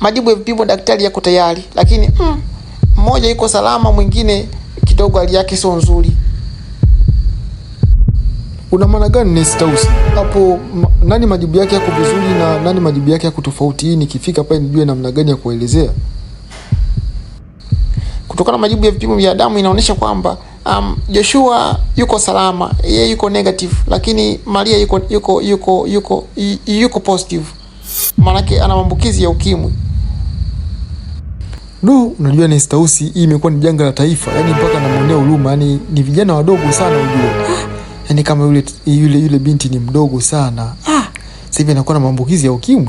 majibu ya vipimo daktari yako tayari, lakini mm, mmoja iko salama, mwingine kidogo hali yake sio nzuri. Una maana gani Nestausi? Hapo nani majibu yake yako vizuri na nani majibu yake yako tofauti? Hii nikifika pale nijue namna gani ya kuelezea. Kutokana na majibu ya vipimo vya damu inaonyesha kwamba um, Joshua yuko salama, yeye yuko negative, lakini Maria yuko yuko yuko yuko yuko positive. Maana ana maambukizi ya ukimwi. Du, unajua ni stausi hii imekuwa ni janga la taifa, yaani mpaka namwonea huruma, yaani ni vijana wadogo sana unajua. Yaani kama yule yule yule binti ni mdogo sana. Ah, sasa hivi anakuwa na maambukizi ya ukimwi.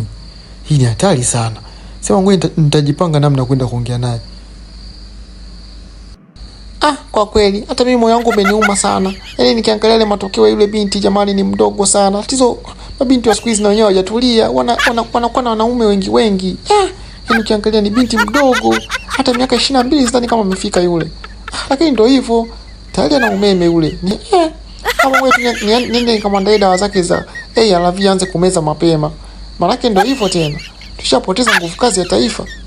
Hii ni hatari sana. Sema ngoja nitajipanga namna kwenda kuongea naye. Ah, kwa kweli hata mimi moyo wangu umeniuma sana. Yaani nikiangalia ile matokeo ya yule binti jamani, ni mdogo sana. Tatizo mabinti wa siku hizi na wenyewe hawajatulia, wana, wanakuwa na wanaume wengi wengi. Ah. Yaani ukiangalia ni binti mdogo, hata miaka ishirini na mbili sidhani kama amefika yule, lakini ndio hivyo tayari ana umeme yule. Ni eh, kama wewe nende dawa zake za ARV anze kumeza mapema, maanake ndio hivyo tena, tushapoteza nguvu kazi ya taifa.